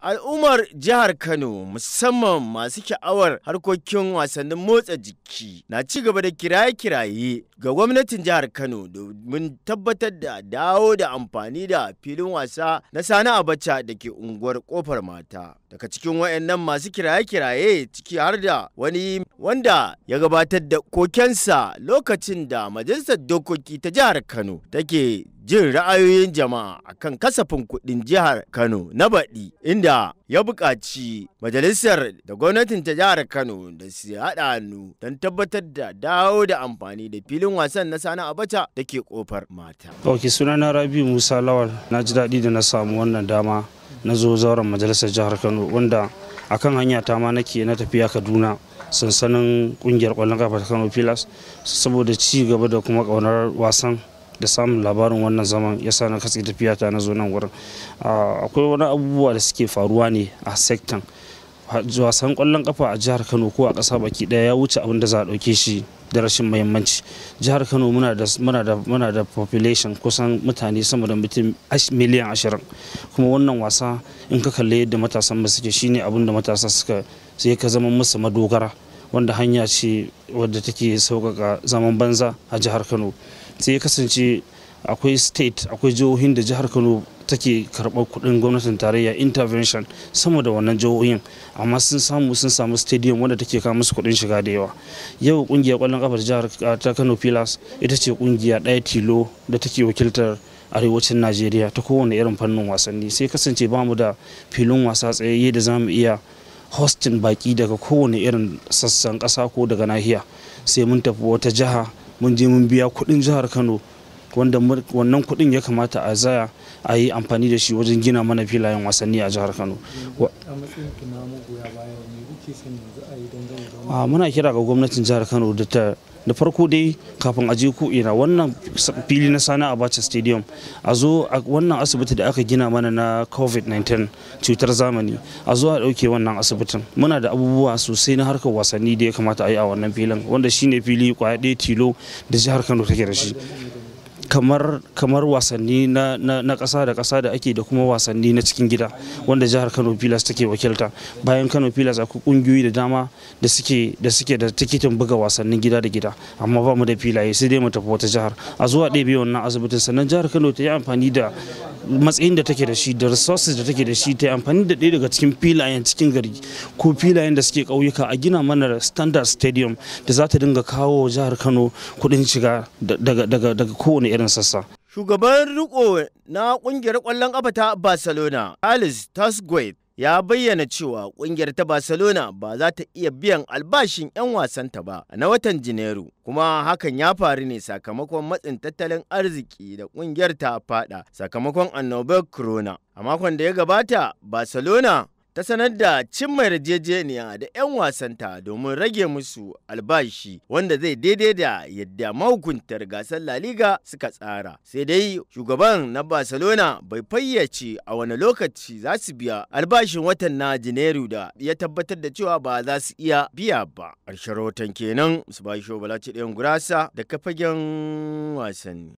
Al'ummar jihar Kano musamman masu sha'awar harkokin wasannin motsa jiki na ci gaba da kiraye-kiraye ga gwamnatin jihar Kano domin tabbatar da dawo da amfani da filin wasa na Sani Abacha da ke unguwar Kofar Mata. Daga cikin wayannan masu kiraye-kiraye ciki har da wani wanda ya gabatar da kokensa lokacin da majalisar dokoki ta jihar Kano take jin ra'ayoyin jama'a kan kasafin kuɗin jihar Kano na baɗi inda ya buƙaci majalisar da gwamnatin ta jihar Kano da su haɗa hannu don tabbatar da dawo da amfani da filin wasan na Sani Abacha da ke ƙofar mata. Ok sunana Rabi Musa Lawal na ji daɗi da na samu wannan dama na zo zauren majalisar jihar Kano wanda akan hanya ta ma nake na tafiya Kaduna. sansanin ƙungiyar kwallon kafa ta kano pilas saboda ci gaba da kuma kaunar wasan da samun labarin wannan zaman ya sa na katse tafiya ta na zo nan wurin akwai wani abubuwa da suke faruwa ne a sektan wasan kwallon kafa a jihar kano ko a ƙasa baki daya ya wuce abin da za a ɗauke shi da rashin muhimmanci jihar kano muna da muna population kusan mutane sama da mutum miliyan ashirin kuma wannan wasa in ka kalle yadda matasan mu suke shine abin da matasa suka sai ka zama musu madogara wanda hanya ce wadda take sauƙaƙa zaman banza a jihar kano sai ya kasance akwai state akwai jihohin da jihar kano take karɓar kuɗin gwamnatin tarayya intervention sama da wannan jihohin amma sun samu sun samu stadium wanda take kawo musu kuɗin shiga da yawa yau ƙungiyar ƙwallon ƙafar jihar ah, ta kano pilas ita ce kungiya ɗaya tilo da take wakiltar arewacin najeriya ta kowane irin fannin wasanni sai kasance ba mu da filin wasa tsayayye da za mu iya hostin baki daga kowane irin sassan ƙasa ko daga nahiya sai mun tafi wata jiha mun je mun biya kuɗin jihar kano wanda wannan kuɗin ya kamata a zaya a yi amfani da shi wajen gina mana filayen wasanni a jihar kano muna kira ga gwamnatin jihar kano da ta da farko dai kafin a je ko ina wannan fili na sana abacha stadium a zo wannan asibiti da aka gina mana na covid-19 cutar zamani a zo a dauke wannan asibitin muna da abubuwa sosai na harkar wasanni da ya kamata a yi a wannan filin wanda shine fili kwaya ɗaya tilo da jihar kano take da shi kamar kamar wasanni na, na, ƙasa da ƙasa da ake da kuma wasanni na cikin gida wanda jihar kano pilas take wakilta bayan kano pilas akwai ƙungiyoyi da dama da suke da suke da tikitin buga wasannin gida da gida amma ba mu da filaye sai dai mu tafi wata jihar a zuwa ɗaya biyu wannan asibitin sannan jihar kano ta yi amfani da matsayin da take da shi da resources da take da shi ta yi amfani da ɗaya daga cikin filayen cikin gari ko filayen da suke ƙauyuka a gina mana standard stadium da za ta dinga kawo jihar kano kuɗin shiga daga kowane irin sassa shugaban riko na ƙungiyar ƙwallon ƙafa ta barcelona alice tasguet ya bayyana cewa kungiyar ta Barcelona ba za ta iya biyan albashin 'yan wasanta ba na watan Janairu kuma hakan ya faru ne sakamakon matsin tattalin arziki da kungiyar ta fada sakamakon annobar corona a makon da ya gabata Barcelona ta sanar da cimma yarjejeniya da 'yan wasanta domin rage musu albashi wanda zai daidai da yadda mahukuntar gasar La Liga suka tsara. Sai dai shugaban na Barcelona bai fayyace a wani lokaci za su biya albashin watan na Janairu da ya tabbatar da cewa ba za su iya biya ba. Ƙarshen rahoton kenan su ba shi gurasa da kafagen wasanni.